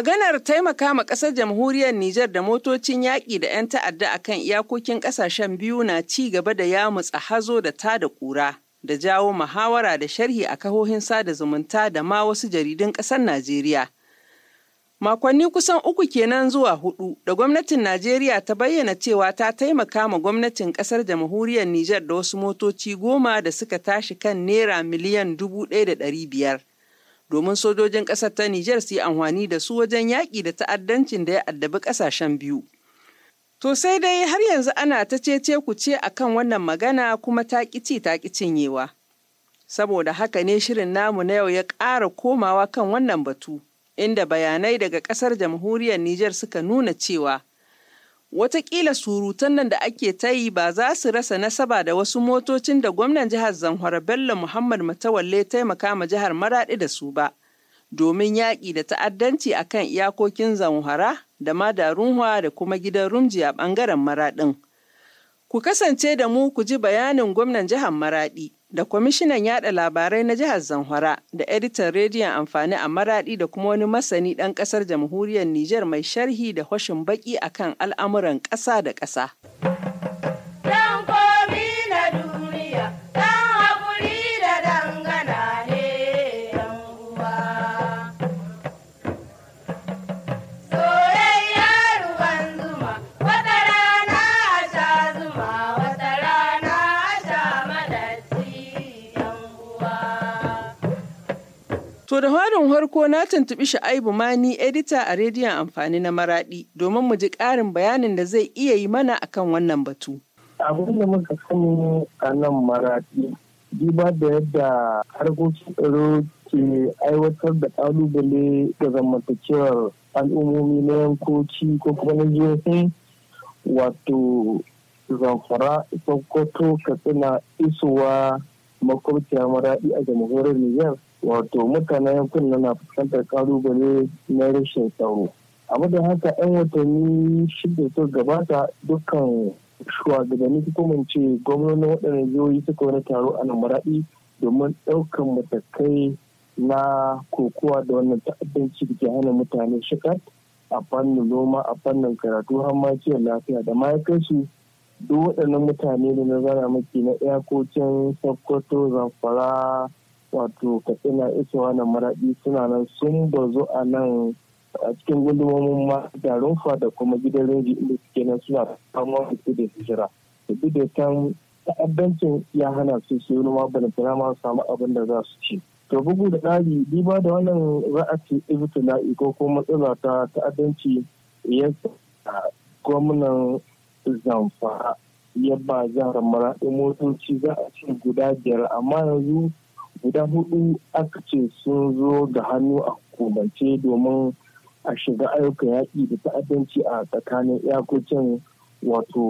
Maganar taimaka ma ƙasar jamhuriyar Nijar da motocin yaƙi da 'yan ta'adda a kan iyakokin ƙasashen biyu na ci gaba da yamutsa hazo da ta da ƙura da jawo muhawara da sharhi a kahohin sada zumunta da ma wasu jaridun ƙasar Najeriya. Makonni kusan uku kenan zuwa hudu da gwamnatin Najeriya ta bayyana cewa ta taimaka ma gwamnatin ƙasar jamhuriyar Nijar da wasu motoci goma da suka tashi kan naira miliyan dubu ɗaya da ɗari biyar. domin sojojin ƙasar ta Nijar su yi amfani da su wajen yaƙi da ta'addancin da ya addabi ƙasashen biyu. To sai dai har yanzu ana ta cece ku ce akan wannan magana kuma ta ƙici ta cinyewa. Saboda haka ne shirin namu na yau ya ƙara komawa kan wannan batu, inda bayanai daga ƙasar jamhuriyar Nijar suka nuna cewa Wataƙila surutan nan da ake ta yi ba za su rasa nasaba da wasu motocin da gwamnan jihar Zanhara Bello Muhammad Matawalle taimaka ma jihar Maraɗi da su ba, domin yaƙi da ta'addanci a kan iyakokin zanhara da Madarunwa da kuma gidan Rumji a ɓangaren Maraɗin. Ku kasance da mu ku ji bayanin gwamnan jihar Maraɗi. da kwamishinan yada labarai na jihar Zamfara da editan rediyon amfani a maradi da kuma wani masani ɗan ƙasar jamhuriyar Niger mai sharhi da hoshin baki akan al'amuran ƙasa da ƙasa. da harin harko na tuntuɓi Sha'aibu Mani edita a rediyon amfani na Maraɗi domin mu ji ƙarin bayanin da zai iya yi mana akan wannan batu. Abin da muka sani a nan Maraɗi, duba da yadda harkokin tsaro ke aiwatar da ƙalubale da zamantakewar al'ummomi na yankoci ko kuma na jihohi wato zamfara sokoto katsina isowa makwabciya maraɗi a jamhuriyar Nijar. wato mutanen yankunan na fuskantar kalubale na rashin tsaro a madan haka 'yan watanni shida ta gabata dukkan shugabanni ko mun ce gwamnonin waɗannan jihohi suka wani taro a nan domin ɗaukan matakai na kokowa da wannan ta'addanci da ke hana mutane shigar a fannin noma a fannin karatu har ma lafiya da ma su duk waɗannan mutane da na zara maki na iyakocin sokoto zamfara wato katsina isowa wannan maraɗi suna nan sun bazu a nan a cikin gundumomin ma da rumfa da kuma gidan rediyo inda suke nan suna samun su da hijira duk da kan ta'addancin ya hana su su yi noma balantana ma samu abin da za su ci to bugu da ɗari duba da wannan na ibtila'i ko kuma matsala ta ta'addanci ya gwamnan zamfara ya ba jihar maraɗi motoci za a ci guda biyar amma yanzu guda hudu aka ce sun zo ga hannu a hukumance domin a shiga ayyukan yaƙi da ta'addanci a tsakanin iyakokin wato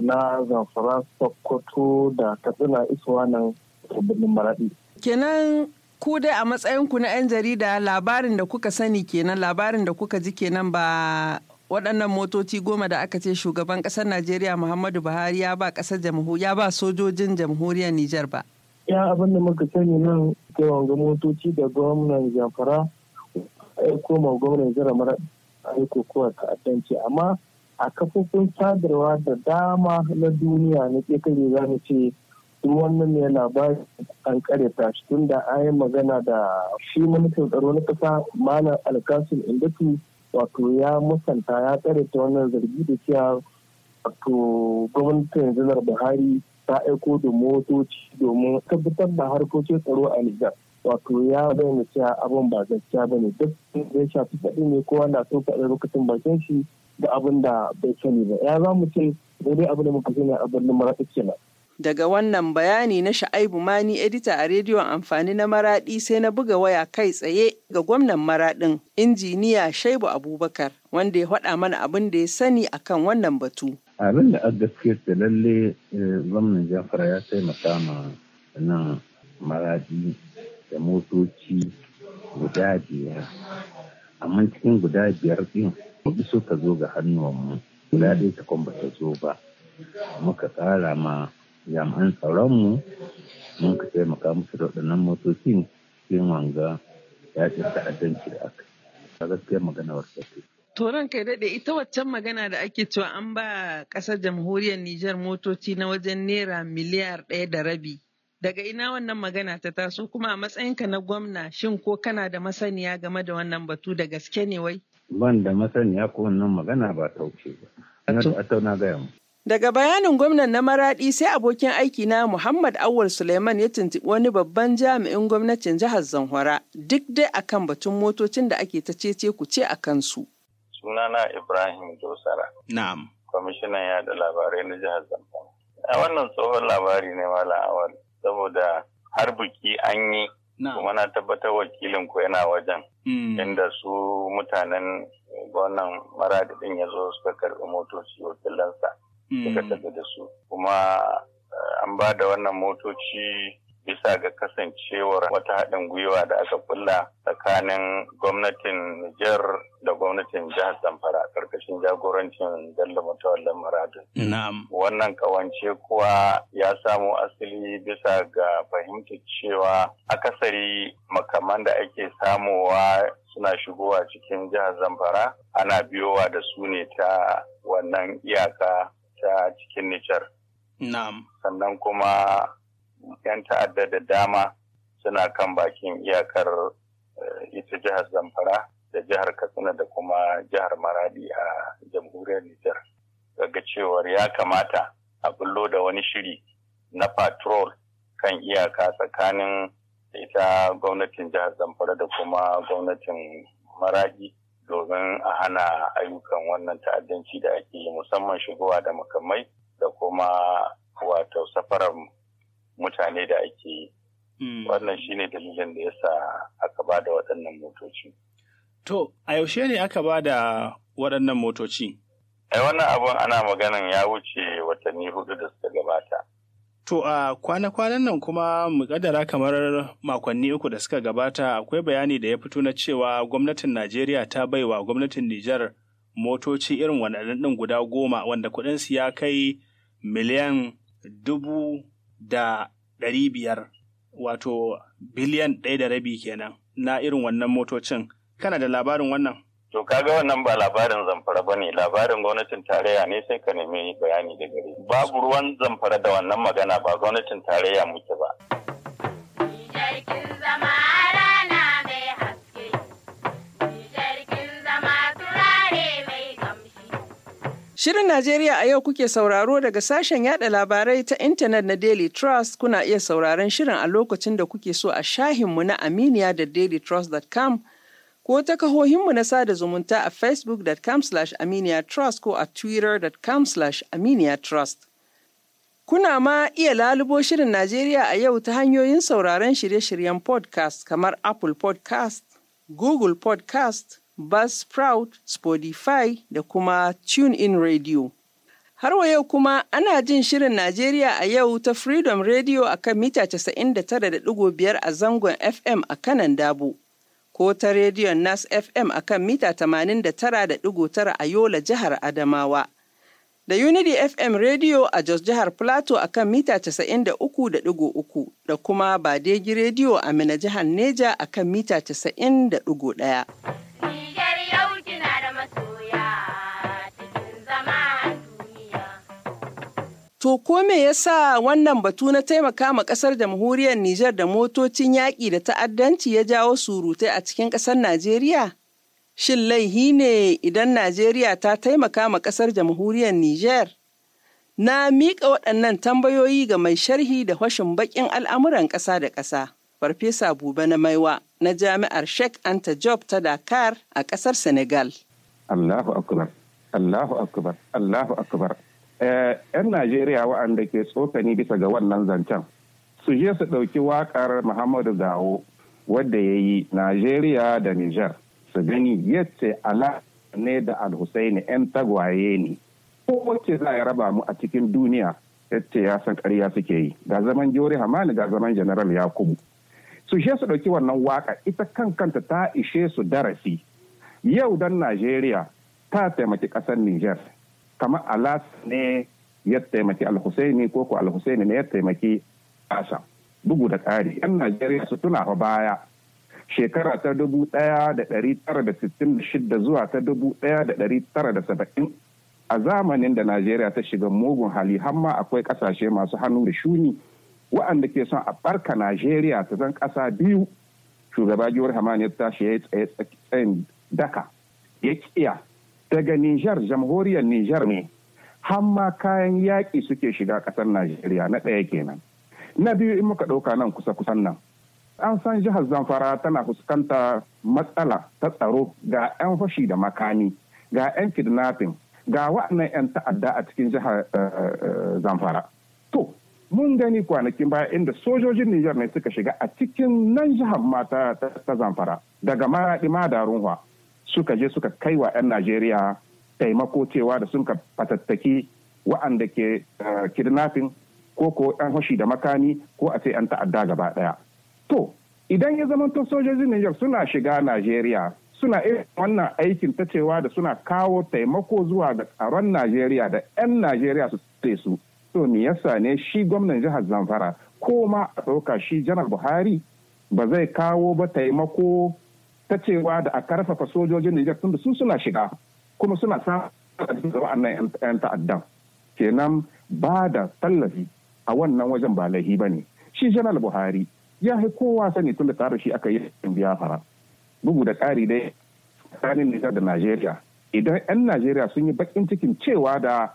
na zamfara sokoto da katsina isuwa nan birnin maraɗi. kenan ku dai a matsayinku na 'yan jarida labarin da kuka sani kenan labarin da kuka ji kenan ba waɗannan motoci goma da aka ce shugaban ƙasar najeriya muhammadu buhari ya ba ya ba sojojin jamhuriyar nijar ba ya abin da muka sani nan ga wanga motoci da gwamnan zamfara aiko eh, ma gwamnan jira mara aiko kowa ta'addanci amma a kafofin sadarwa da dama na duniya na ƙetare za mu ce duk wannan ne labari an ta shi tun da an yi magana da shi ministan tsaro na kasa malam alkasim indatu wato ya musanta ya kare ta wannan zargi da cewa wato gwamnatin janar buhari ta aiko da motoci domin tabbatar da harkokin tsaro a Nijar. Wato ya bayyana cewa abin ba gaskiya ba ne duk da ya shafi faɗi ne kowa na so faɗi lokacin bakin shi da abin da bai sani ba. Ya za mu ce daidai abin da muka sani a birnin Maraɗi kenan. Daga wannan bayani na Sha'aibu Mani edita a rediyon amfani na Maraɗi sai na buga waya kai tsaye ga gwamnan Maraɗin injiniya Shaibu Abubakar wanda ya faɗa mana abin da ya sani akan wannan batu. abin da aka gaske da lalle eh, gwamnan jafara ya taimaka ma nan maradi da motoci guda biyar amma cikin guda biyar din so suka zo ga hannuwanmu guda dai ta kwamba ta zo ba muka ƙara ma jami'an tsaronmu mun ka taimaka musu da waɗannan motocin cikin wanga ya ce ta adanci da aka gaskiyar magana wata Toron kai daɗe ita waccan magana da ake cewa an ba ƙasar jamhuriyar Nijar motoci na wajen naira miliyar ɗaya da rabi. Daga ina wannan magana ta taso kuma a matsayinka na gwamna shin ko kana da masaniya game da wannan batu da gaske ne wai? Ban da masaniya ko wannan magana ba tauce ba. gaya mu. Daga bayanin gwamnan na Maraɗi sai abokin aiki na Muhammad Awul Suleiman ya tuntuɓi wani babban jami'in gwamnatin jihar Zamfara duk dai akan batun motocin da ake ta cece ku ce a kansu. sunana Ibrahim Josara. Na'am. Kwamishinan yada labarai na jihar Zamfara. A wannan tsohon labari ne Malam Awal saboda har biki an yi kuma na tabbatar wakilin ku yana wajen. Hmm. Inda su mutanen wannan maradadin ya zo suka karɓi motoci wakilansa hmm. suka tafi da su. Kuma eh, an ba da wannan motoci bisa ga kasancewar wata haɗin gwiwa da aka kulla tsakanin gwamnatin Nijar da gwamnatin jihar Zamfara ƙarƙashin jagorancin Bello Mutawar Lamaradu. Na'am. Wannan kawance kuwa ya samo asali bisa ga fahimtar cewa akasari makaman da ake samowa suna shigowa cikin jihar Zamfara ana biyowa da su ne ta wannan iyaka ta cikin Nijar. Na'am. Sannan kuma 'yan ta'adda da dama suna kan bakin iyakar eh, ita jihar zamfara da jihar katsina da kuma jihar maradi a jamhuriyar nijar daga cewar ya kamata a bullo da wani shiri na patrol kan iyaka tsakanin ita gwamnatin jihar zamfara da kuma gwamnatin maradi domin a hana ayyukan wannan ta'addanci da ake yi musamman shigowa da makamai da kuma wato safarar mutane da ake yi. Hmm. Wannan shi ne dalilin da ya sa aka ba da waɗannan motoci. To, a yaushe ne aka ba da waɗannan motoci? Ai, wannan abun ana maganin ya wuce watanni hudu da suka gabata. To, a kwana-kwanan nan kuma muƙaddara kamar makonni uku da suka gabata akwai bayani da ya fito na cewa gwamnatin Najeriya ta baiwa gwamnatin Nijar motoci irin waɗannan guda goma wanda kuɗinsu ya kai miliyan dubu da ɗari biyar wato biliyan ɗaya da rabi kenan na irin wannan motocin kana da labarin wannan To kaga wannan ba labarin zamfara ba ne labarin gwamnatin tarayya ne sai ka nemi bayani da gari. Babu ruwan zamfara da wannan magana ba gwamnatin tarayya muke ba. Shirin Najeriya a yau kuke sauraro daga sashen yada labarai ta intanet na Daily Trust kuna iya sauraron shirin a lokacin da kuke so a shahinmu na Aminiya da dailytrust.com ko ta kahohinmu na sada zumunta a facebookcom aminiyatrust ko a twittercom aminiyatrust. Kuna ma iya lalubo shirin Najeriya a yau ta hanyoyin sauraron shirye-shiryen podcast kamar Apple podcast, Google podcast, Buzzsprout, Spotify da kuma TuneIn Radio. Har wa yau kuma ana jin shirin Najeriya a yau ta Freedom Radio a kan mita 99.5 a zangon FM a kanan Dabo, ko ta rediyon Nas FM a kan mita 89.9 a Yola jihar Adamawa. Da Unity FM Radio a Jos jihar Plateau a kan mita 93.3 da kuma Badegi Radio a Mina jihar Neja a kan mita 91. To ko me yasa wannan batu na taimaka ma kasar jamhuriyar Nijar da motocin yaƙi da ta'addanci ya jawo surutai a cikin ƙasar Najeriya? Shin laihi ne idan Najeriya ta taimaka ma ƙasar jamhuriyar Nijar? Na miƙa waɗannan tambayoyi ga mai sharhi da hwashin baƙin al'amuran ƙasa da ƙasa, Farfesa Buba na Maiwa na Jami'ar Sheikh Anta Job ta Dakar a ƙasar Senegal. Allahu Akbar, Allahu Akbar, Allahu Akbar. Eh, 'yan najeriya waɗanda ke tsokani bisa ga wannan zancen su je su ɗauki wakar muhammadu gawo wadda ya yi najeriya da Nijar. su gani yace ala ne da alhussaini 'yan tagwaye ne ko wacce za ya raba mu a cikin duniya yace ya san ƙarya suke yi ga zaman jori hamani ga zaman general yakubu su je su ɗauki wannan waka ita kan kanta ta ishe su darasi yau dan najeriya ta taimaki ƙasar Nijar. kamar alas ne ya taimaki alhusaini ko ko alhusaini ne ya taimaki asa bugu da ƙari yan najeriya su tuna fa baya shekara ta dubu ɗaya da ɗari tara da sittin da shidda zuwa ta dubu ɗaya da ɗari tara da saba'in a zamanin da najeriya ta shiga mugun hali har ma akwai ƙasashe masu hannu da shuni waɗanda ke son a barka najeriya ta zan ƙasa biyu shugaba giwar hamani ya tashi ya yi tsaye daka ya kiya daga Nijar jamhuriyar Nijar ne hamma kayan yaƙi suke shiga ƙasar Najeriya na ɗaya kenan. Na biyu in muka ɗauka nan kusa kusan nan. An san jihar Zamfara tana fuskanta matsala ta tsaro ga 'yan fashi da makami, ga 'yan kidnapping, ga waɗannan 'yan ta'adda a cikin jihar eh, eh, Zamfara. To, mun gani kwanakin baya inda sojojin Nijar ne suka shiga a cikin nan jihar mata ta Zamfara daga Maraɗi Madarunwa. suka je suka kai wa 'yan najeriya taimako cewa da sun ka fatattaki wa'anda ke eh, kidnapping ko ko 'yan hoshi da makami ko a ce 'yan ta'adda gaba daya to idan ya zama to sojojin Niger suna shiga Najeriya suna irin wannan aikin ta cewa da suna kawo taimako zuwa ga tsaron Najeriya da 'yan Najeriya su tsaye su. To me yasa ne shi gwamnan jihar Zamfara ko ma a ɗauka shi janar Buhari ba zai kawo ba taimako ta cewa da a karfafa sojojin Nijar tun da su suna shiga kuma suna sa wa'annan 'yan ta'addan kenan ba da tallafi a wannan wajen ba laifi ba ne shi janar buhari ya yi kowa sani tun da tsara shi aka yi biyafara bugu da ƙari dai tsakanin nijar da najeriya idan 'yan najeriya sun yi bakin cikin cewa da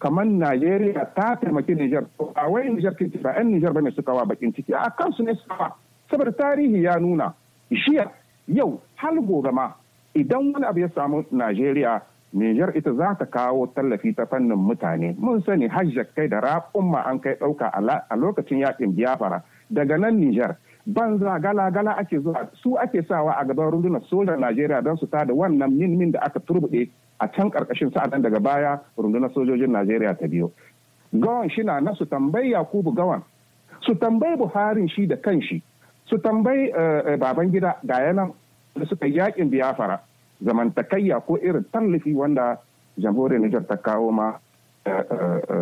kamar najeriya ta taimaki nijar a wai nijar kinki ba 'yan nijar bane suka wa bakin ciki a kansu ne suka saboda tarihi ya nuna shiya yau har gobe ma idan wani abu ya samu najeriya Nijar ita za ta kawo tallafi ta fannin mutane mun sani hajjar kai da raƙun ma an kai ɗauka a lokacin yakin biyafara daga nan Nijar banza gala-gala ake zuwa su ake sawa a gaban rundunar sojan Najeriya don su tada wannan min-min da aka turbuɗe a can ƙarƙashin sa'adan daga baya rundunar sojojin Najeriya ta biyo. Gawan shi na su tambayi Yakubu Gawan su tambayi Buharin shi da kanshi su tambayi eh, eh, baban gida ga yanan da suka yakin biyafara zamantakayya ko irin tallafi wanda jamhuriyar Nijar ta kawo ma eh,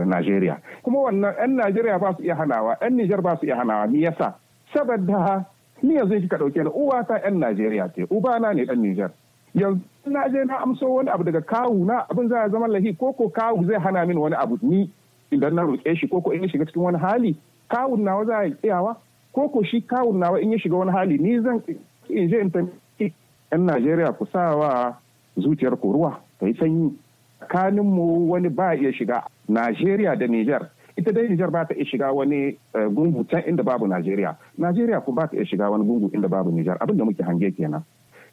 Najeriya. Kuma wannan 'yan Najeriya ba su iya hanawa, 'yan Nijar ba su iya hanawa, me yasa? Saboda ni yanzu kika ɗauke ni uwa ta 'yan Najeriya ce, Uba ubana ne ɗan Nijar. Yanzu na je na amso wani abu daga kawu na abin za a zama lahi ko ko kawu zai hana min wani abu ni idan na roƙe shi ko ko in shiga cikin wani hali kawun nawa za a yi iyawa ko ko shi kawun nawa in ya shiga wani hali ni zan in je in yan Najeriya ku sa wa zuciyar ku ruwa ta yi sanyi tsakanin mu wani ba iya shiga Najeriya da Niger ita dai Niger ba ta iya shiga wani eh, gungu can inda babu Najeriya Najeriya ku ba ta iya shiga wani gungu inda babu Niger abin da muke hange kenan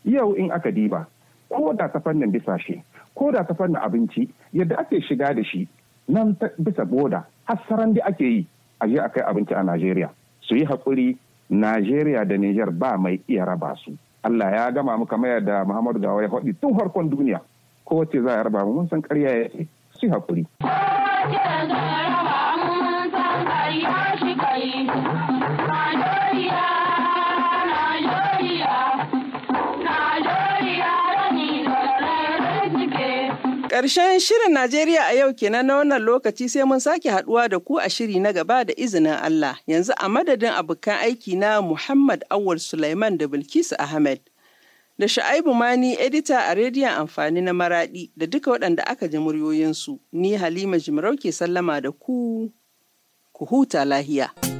yau in aka diba ko da ta fannin bisashe ko da ta fannin abinci yadda ake shiga da shi nan bisa boda hassaran da ake yi a je a kai abinci a Najeriya su yi haƙuri najeriya da niger ba mai iya raba su allah ya gama mu kamar yadda muhammadu gawa ya faɗi tun farkon duniya ko wace za a raba mu mun san ƙarya ya ce su yi haƙuri. Karshen shirin Najeriya a yau kenan na wannan lokaci sai mun sake haduwa da ku a shiri na gaba da izinin Allah. Yanzu a madadin abokan aiki na Muhammad Awul Sulaiman da Bilkisu Ahmed. Da Sha'aibu Mani edita a rediyon amfani na Maradi, da duka waɗanda aka ji muryoyinsu. Ni Halima Jimarau ke sallama da ku, ku huta lahiya.